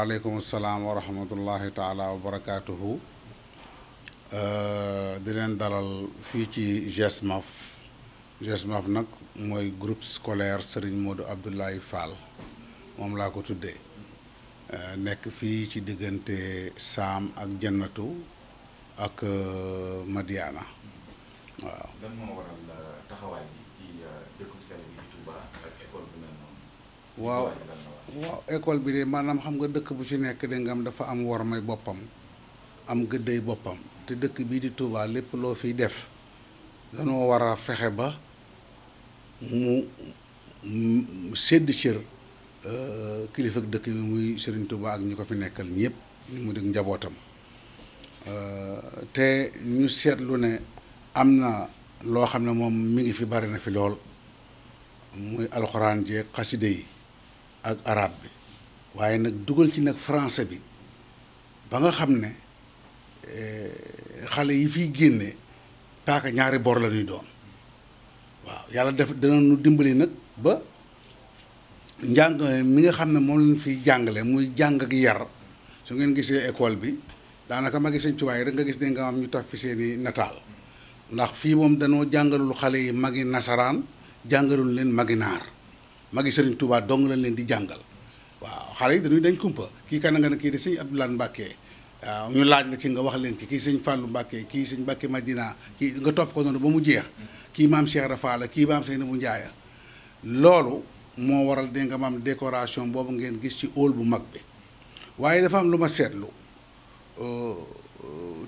waaleykum salaam wa rahmatullahi taala wa barakaatuhu euh, di leen dalal fii ci GESMAF GESMAF nag mooy groupe scolaire Serigne Modou Abdoulaye Fall moom laa ko tuddee euh, nekk fii ci diggante Saam ak Jannatu ak euh, Madiana waaw. waaw waaw école bi de maanaam xam nga dëkk bu ci nekk de nga am dafa am wormay boppam am gëdday boppam te dëkk bii di Touba lépp loo fi def danoo war a fexe ba mu sédd cër euh, kilifa dëkk bi muy Serigne Touba ak ñu ko fi nekkal ñëpp ñu mu dig njabootam euh, te ñu seetlu ne am na loo xam ne moom mi ngi fi bari na fi lool muy alxuraan jeeg xaside yi ak araab bi waaye nag dugal ci nag français bi ba nga xam ne eh, xale yi fiy génne paaka ñaari bor la ñuy doon waaw yàlla def dana nu dimbali nag ba njàng mi nga xam ne moom lañ fiy jàngale muy jàng ak yar su ngeen gisee école bi daanaka ma gis sëñ Tuubaa rek nga gis ne nga am ñu taf fi seeni nataal ndax fii moom danoo jàngalul xale yi magi nasaraan jàngalul leen magi naar mag magi Serigne Touba dong lañ leen di jàngal waaw xale yi dañuy dañ kumpa kii kan nga ne kii di sëñ Abdoulaye Mbacke waaw ñu laaj la ci nga wax leen ci kii sëñ fàllu Mbacke kii sëñ Mbacke Madina kii nga topp ko noonu ba mu jeex kii maam Cheikh Rafala kii maam mu Ndiaye loolu moo waral dégg nga maam décoration boobu ngeen gis ci hall bu mag bi waaye dafa am lu ma seetlu euh,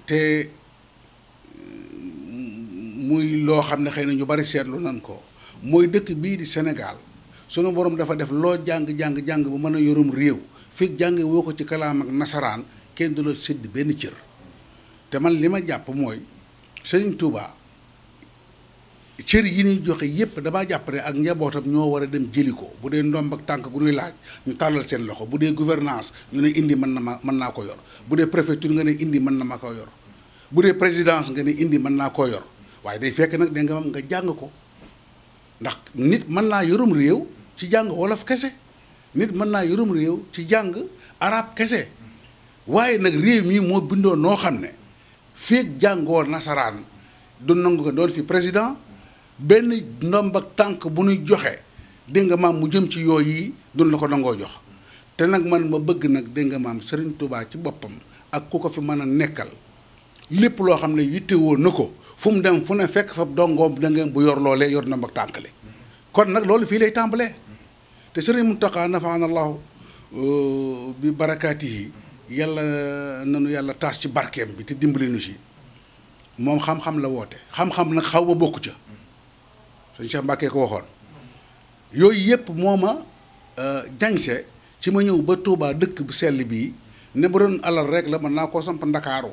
te euh, muy loo xam ne xëy na ñu bari seetlu nan ko mooy dëkk bii di Sénégal sunu boroom dafa def loo jàng jàng jàng bu mën a yorum réew fii jàng woo ko ci kalaamak nasaraan kenn du la sidd benn cër te man li ma jàpp mooy Serigne Touba cër yi ñuy joxe yépp damaa jàpp ne ak njabootam ñoo war a dem jëli ko bu dee ndomb ak tànk gu ñuy laaj ñu tàllal seen loxo bu dee gouvernance ñu ne indi mën na ma mën naa ko yor bu dee préfecture nga ne indi mën na ma ko yor bu dee présidence nga ne indi mën naa koo yor waaye day fekk nag da nga am nga jàng ko ndax nit man naa yorum réew. ci jàng wolof kese nit mën naa yorum réew ci jàng arab kese waaye nag réew mii moo bindoo noo xam ne feeg jàngoo nasaraan du nangu ko doon fi président benn ndomb ak tànk bu ñuy joxe dégg nga maam mu jëm ci yooyu yi duñ la ko nangoo jox te nag man ma bëgg nag dégg nga maam Serigne Touba ci boppam ak ku ko fi mën a nekkal lépp loo xam ne yittewoo na ko fu mu dem fu ne fekk fa dongoo da bu yor loole yor ndomb ak tànk le kon nag loolu fii lay tàmbalee. te sëriñ Muntaxa nafaana allahu euh, bi barakaatihi yàlla nanu yàlla taas ci barkeem bi te dimbali si moom xam-xam la woote xam-xam nag xaw ma bokk ca sëñ Cheikh Mbàkke ko waxoon yooyu yëpp moo ma euh, jañse ci ma ñëw ba Touba dëkk bu sell bii ne bu doon alal rek la mën naa koo samp ndakaaru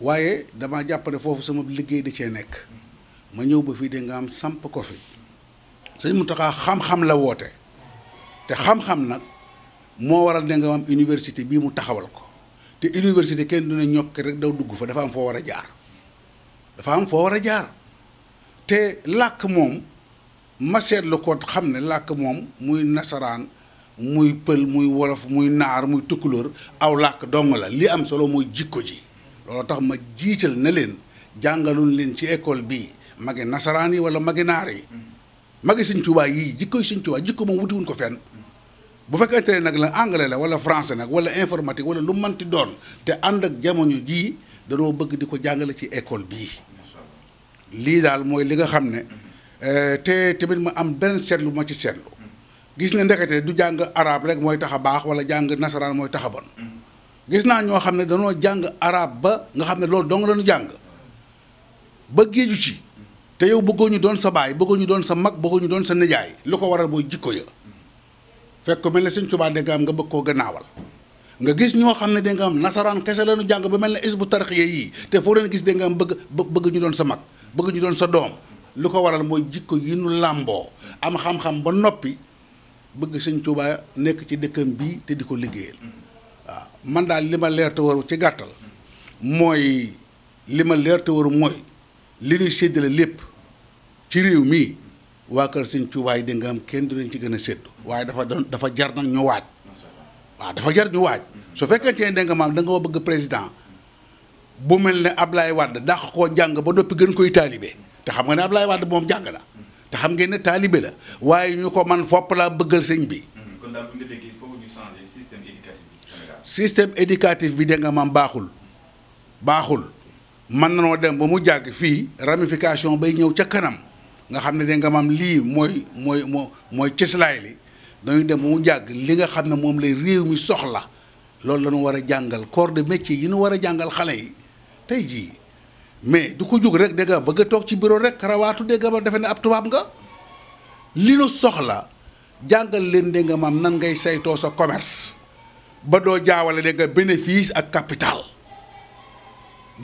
waaye dama jàpp foofu sama liggéey da cee nekk ma ñëw ba fii de nga am samp ko fi sëñ Muntaxa xam-xam la woote te xam-xam nag moo waral da nga am université bii mu taxawal ko te université kenn dina ñokk rek daw dugg fa dafa am foo war a jaar dafa am foo war a jaar te làkk moom ma seetlu ko xam ne làkk moom muy nasaraan muy pël muy wolof muy naar muy tukkulóor aw làkk dong la li am solo mooy jikko ji loolu tax ma jiital na leen jàngalul leen ci école bii magi nasaraan yi wala magi naar yi magi sëñ Tuubaa yii jikkoy sëñ Tuubaa jikko moom wutiwuñ ko fen bu fekkente ne nag la anglais la wala français nag wala informatique wala lu manti doon te ànd ak jamono jii danoo bëgg di ko jàngale ci école bii lii daal mooy li nga xam ne eh, te tamit ma am benn seetlu ma ci seetlu gis ne ndekete du jàng arabe rek mooy tax a baax wala jàng nasaraan mooy tax bon gis naa ñoo xam ne danoo jàng araab ba nga xam ne loolu doo la ñu jàng ba géeju ci te yow bëggoo ñu doon sa baay bëggoo ñu doon sa mag bëggoo ñu doon sa nijaay lu ko waral mooy jikko ya fekk mel ne Sëñ Tuubaa dégg nga am nga bëgg koo gannaawal nga gis ñoo xam ne dégg nga am nasaraan kese lanu ñu jàng ba mel is bu tarxiya yii te foo leen gis dégg nga am bëgg bëgg ñu doon sa mag bëgg ñu doon sa doom lu ko waral mooy jikko yu nu làmboo am xam-xam ba noppi bëgg Sëñ Tuubaa nekk ci dëkkam bii te di ko liggéeyal waaw man daal li ma leer waru ci gàttal mooy li ma leer waru mooy li ñuy lépp. ci réew mi waa kër sëñ Tuubaa nga am kenn du leen ci gën a séddu waaye dafa dafa jar nag ñu waaj waaw dafa jar ñu waaj su fekkente ne dégg maam da nga bëgg président bu mel ne Ablaye wadd dàq koo jàng ba noppi gën koy taalibe te xam nga ne Ablaye Wade moom jàng na te xam ngeen ne taalibe la waaye ñu ko man fopp laa bëggal sëñ bi. Mmh, kon daal bi Sénégal. système maam baaxul baaxul mën nanoo dem ba mu jàgg fii ramification bay ñëw ca kanam. nga xam ne da nga maam lii mooy mooy moo mooy cëslaay li dañuy dem mu jàgg li nga xam ne moom lay réew mi soxla loolu la war a jàngal corps de métier yi nu war a jàngal xale yi tey jii mais du ko jóg rek dégg bëgg a toog ci bureau rek rawaatu dégg nga ba defe ne ab tubaab nga li nu soxla jàngal leen dégg nga nan ngay saytoo sa commerce ba doo jaawale dégg nga bénéfice ak capital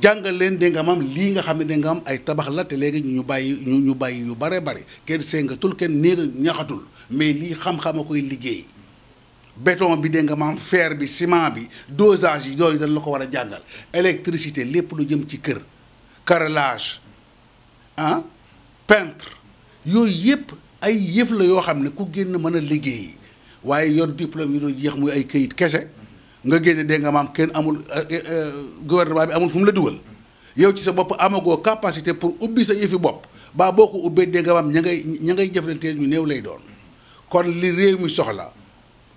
jàngal leen dégg nga maam lii nga xam ne dégg am ay tabax la te léegi ñu bàyyi ñu ñu bàyyi yu bare bare kenn séngatul kenn néega ñaxatul mais lii xam-xam a koy liggéey beton bi dégg nga maam bi ciment bi dosage yi yooyu dañ la ko war a jàngal électricité lépp lu jëm ci kër carrelage ah peintre yooyu yëpp ay yëf la yoo xam ne ku génn mën a liggéey waaye yor diplôme yi doon jeex muy ay kayit kese nga génne dégg nga maam kenn amul euh, euh, euh, gouvernement bi amul fu mu la dugal yow ci sa bopp amagoo capacité pour ubbi sa yëfi bopp baa boo ko ubbee dégg nga ña ngay ña ngay jëflanteel ñu néew lay doon kon li réew mi soxla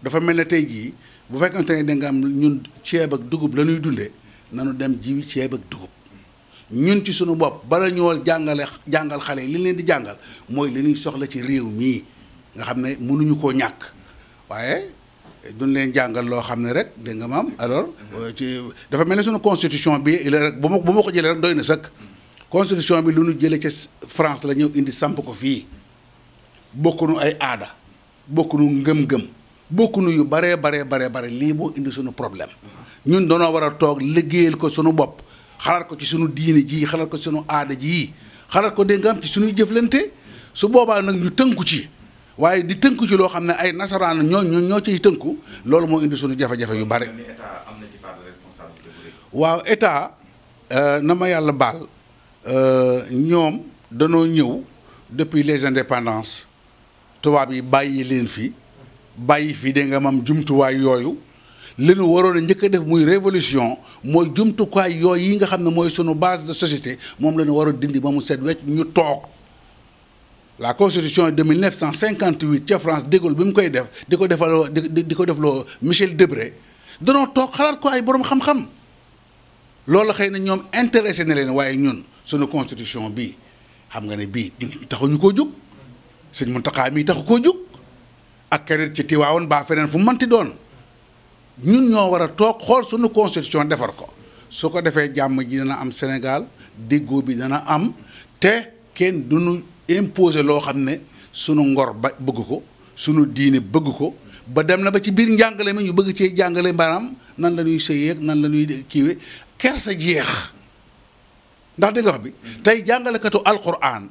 dafa mel ne tey gii bu fekkante ne dégg ñun ceeb ak dugub la ñuy dundee nanu dem jiwi ceeb ak dugub ñun ci suñu bopp bala ñoo jàngale jàngal xale yi li leen di jàngal mooy li ñuy soxla ci réew mii nga xam ne mënuñu koo ñàkk waaye duñ leen jàngal loo xam ne rek dégg nga maam alors euh, ci dafa mel ne suñu constitution bi rek bu ma bu ma ko jëlee rek doy na bi lu ñu jëlee ca France la ñëw indi samp ko fii bokkunu ay aada bokkunu ngëm-ngëm bokkunu yu baree baree baree bare lii boo indi suñu problème ñun danoo war a toog liggéeyal ko suñu bopp xalaat ko ci suñu diine jii xalaat ko ci suñu aada jii xalaat ko dégg nga ci suñuy jëflante su boobaa nag ñu tënku ci waaye di tënku ci loo xam ne ay nasaraan ñoo ñoo ciy tënku loolu moo indi suñu jafe-jafe yu bare waaw état euh, na ma yàlla baal euh, ñoom danoo ñëw depuis les indépendances tubaab yi bàyyi leen fi bàyyi fi da nga mam jumtuwaay yooyu li waroon a njëkk a def muy révolution mooy jumtukaay yooyu yi nga xam ne mooy sunu base de société moom la ñu war a dindi ba mu set wecc ñu toog la constitution de 1958 ca France de Gaulle bi mu koy def di ko defaloo di di ko defloo Michel Debré danoo toog xalaat ko ay boroom xam-xam loolu xëy na ñoom intéressé na leen waaye ñun suñu constitution bi xam nga ne bii taxuñu koo jóg mun Mountakha mii taxu koo jóg ak keneen ci Tiwaawoon baa feneen fu mënti doon ñun ñoo war a toog xool sunu constitution defar ko su ko defee jàmm ji dana am Sénégal déggoo bi dana am te kenn imposer loo xam ne sunu ngor ba bëgg ko sunu diine bëgg ko ba dem na ba ci biir njàngale mi ñu bëgg cee jàngale maanaam nan la ñuy sëyeeg nan la ñuy kiiwe kersa jeex ndax di nga bi tey jàngalekatu alquran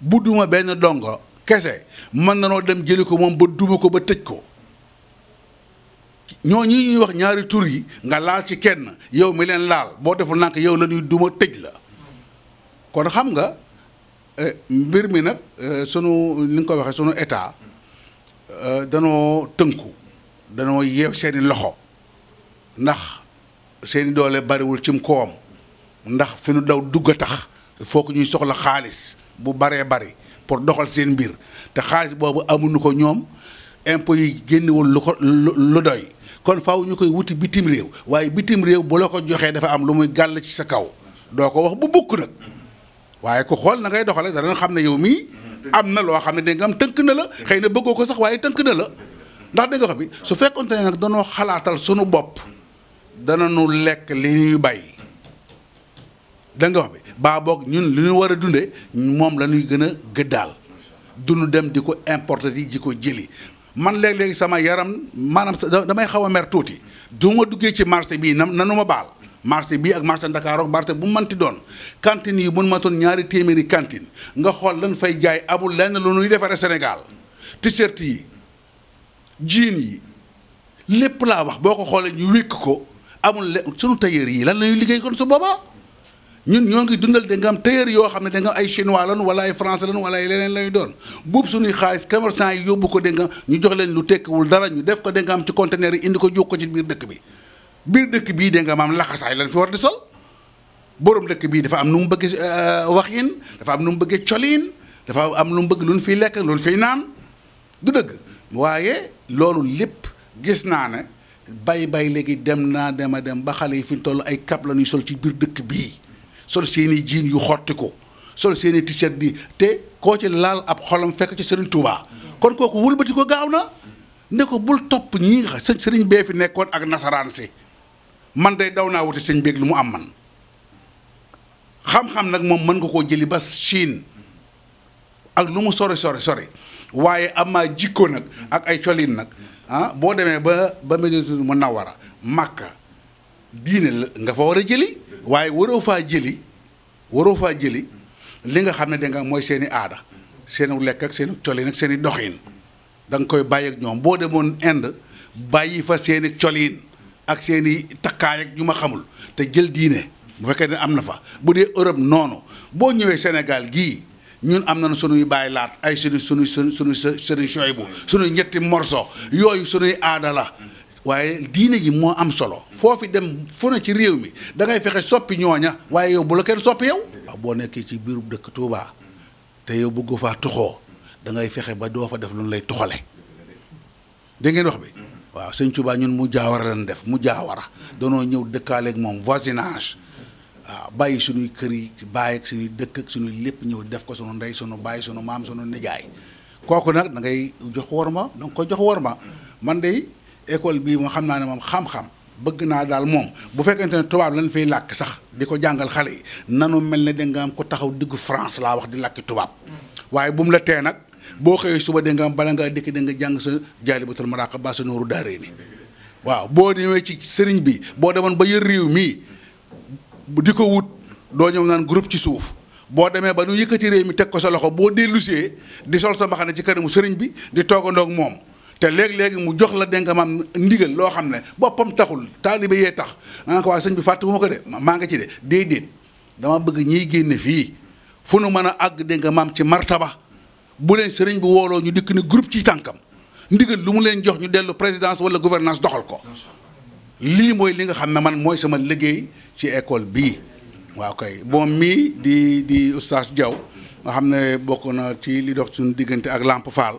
bu duma benn dongo kese mën na noo dem jëli ko moom ba duma ko ba tëj ko ñoo ñi ñuy wax ñaari tur yi nga laal ci kenn yow mi leen laal boo deful nànk yow la ñuy duma tëj la kon xam nga Eh, mbir mi nag eh, sunu li nga ko waxee sunu état eh, danoo tënku danoo yeew seeni loxo ndax seeni doole bariwul cim koom ndax fi nu daw dugg a tax foo ko ñuy soxla xaalis bu baree bari pour doxal seen mbir te xaalis boobu amuñu ko ñoom impôts yi génnewul lu ko lu doy kon faw ñu koy wuti bitim réew waaye bitim réew bu la ko joxee dafa am lu muy gàll ci sa kaw doo ko wax bu bukk nag waaye ku xool na ngay doxale danañ xam ne yow mii am na loo xam ne dégg am tënk na la xëy na bëggoo ko sax waaye tënk na la ndax dégg nga bi su fekkonte ne nag danoo xalaatal sunu bopp nu lekk li ñuy bay dégg nga bi baa boog ñun li ñu war a dundee moom la ñuy gën a gëddaal duñu dem di ko importer di ko jëli man léeg-léegi sama yaram maanaam damay xaw a mer tuuti du ma duggee ci marché bii na nu ma baal marché bii ak marché Dakar ak marché bu manti doon cantine yi mun matoon ñaari téeméeri cantine nga xool lan fay jaay amul lenn lu nuy defaree Sénégal t-shirt yi jean yi lépp laa wax boo ko xoolee ñu wékk ko amul le sunu tailleur yi lan la ñuy liggéey kon su boobaa ñun ñoo ngi dundal da nga am tailleur yoo xam ne da ay chinois lan wala ay français lan wala ay leneen lañu doon buub suñuy xaalis commerçant yi yóbbu ko da nga ñu jox leen lu tekkiwul dara ñu def ko da ci conteneur yi indi ko jóg ko ci biir dëkk bi biir dëkk bii dégg nga maam laxasaay lañ fi war di sol boroom dëkk bii dafa am nu mu bëgg euh, waxin dafa am nu mu bëggee colin dafa am lu mu bëgg lu ñu fiy lekk lu ñu fiy naan du dëgg waaye loolu lépp gis naa ne bay bay léegi dem naa dem a dem ba xale yi fi ñu toll ay kap la ñuy sol ci biir dëkk bii sol seeni jiin yu xotti ko sol seeni t-shirt bi te koo ci laal ab xolam fekk ci Serigne Touba kon kooku wëlbati ko gaaw na ne ko bul topp ñi nga xam bee fi nekkoon ak nasaraan si man day daw naa wuti sëñ beeg lu mu am man xam-xam nag moom mën nga koo jëli ba Chine ak lu mu sori sori sori waaye amaa jikko nag ak ay colin nag ah boo demee ba ba Madinatul Munawwara Makka diine la nga fa war a jëli waaye waroo faa jëli waroo faa jëli li nga xam ne da mooy seeni aada seen lekk ak seen colin ak seen i doxin da koy bàyyi ak ñoom boo demoon Inde bàyyi fa seeni i colin ak seen i takkaay ak ñu ma xamul te jël diine bu fekkee ne am na fa bu dee Europe noonu boo ñëwee senegal gii ñun am nañu sunuy bàyyi laat ay sunu sunu sunu sunu sunu sooy bu sunuy ñetti morso yooyu sunuy aadala waaye diine ji moo am solo foofi dem fu ne ci réew mi da ngay fexe soppi ñooña waaye yow bu la kenn soppi yow. waaw boo nekkee ci biiru dëkk Touba te yow bëggu faa tuxoo da fexe ba doo fa def loolu lay tuxale dégg ngeen wax bi. waaw sëñ Touba ñun mu jaawara lan def mu jaawara danoo ñëw dëkkaaleeg moom voisinage waaw bàyyi suñuy kër yi bàyyi ak suñuy dëkk ak suñuy lépp ñëw def ko sunu ndey sunu bàyyi sunu maam sunu nijaay kooku nag da ngay jox wor ma nga ko jox worma man de école bii moo xam naa ne moom xam-xam bëgg naa daal moom bu fekkente ne tubaab lañ fiy làkk sax di ko jàngal xale yi nanu mel ne da nga am ko taxaw diggu France laa wax di làkki tubaab waaye bu la tee boo xëyee suba da am bala ngaa dikk da nga jàng sa jaalibatul maraqaba sa nooru daaree ni waaw boo demee ci sëriñ bi boo demoon ba yër réew mii di ko wut doo ñëw naan groupe ci suuf boo demee ba nu yëkkati réew mi teg ko sa loxo boo dellusee di sol sa mbaxane ci kanamu sëriñ bi di toogandoo ak moom te léegi-léegi mu jox la dénk maam ndigal loo xam ne boppam taxul taalibe yee tax maanaam ko waa sëñ bi ma ko de maa nga ci de déedéet dama bëgg ñiy génne fii fu nu mën a àgg dénk maam ci martaba bu leen sëriñ bi wooloo ñu dikk ne group ci tànkam ndigal lu mu leen jox ñu dellu présidence wala gouvernance doxal ko lii mooy li nga xam ne man mooy sama liggéey ci école bii waaw kay moom mii di di oustaz jaw nga xam ne bokk na ci li dox suñu diggante ak làmp Fall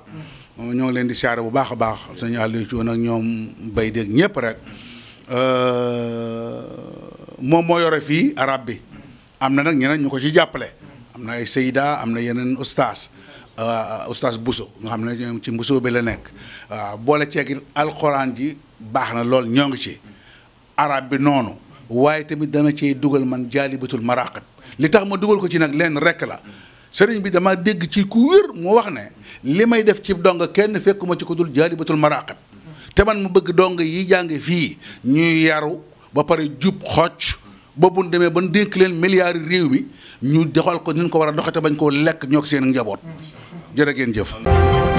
ñoo leen di siyaare bu baax a baax sëñ Aliou Thioune nag ñoom bay dégg ñëpp rek euh, moom moo yore fii arab bi am na nag ñeneen ñu ko ci jàppale am na ay Seyda am na yeneen oustaz Euh, oustaz Bousso nga xam ne ñoom ci Bousso bi la nekk waaw euh, boole ceegit alxuraan ji baax na lool ñoo ngi ci arab bi noonu waaye tamit dama cee dugal man jaalibatul maraqib li tax ma dugal ko ci nag leen rek la sëriñ bi dama dégg ci ku wér mu wax ne li may def ci dong kenn fekkuma ci ko dul jaalibatul maraqib te man mu bëgg dong yi jàng fii ñuy yaru ba pare jub xocc ba bu demee ba dénk leen milliards réew mi ñu doxal ko ni ñu ko war a doxate bañ ko lekk ñoo seen njaboot jërë ngeen jëf.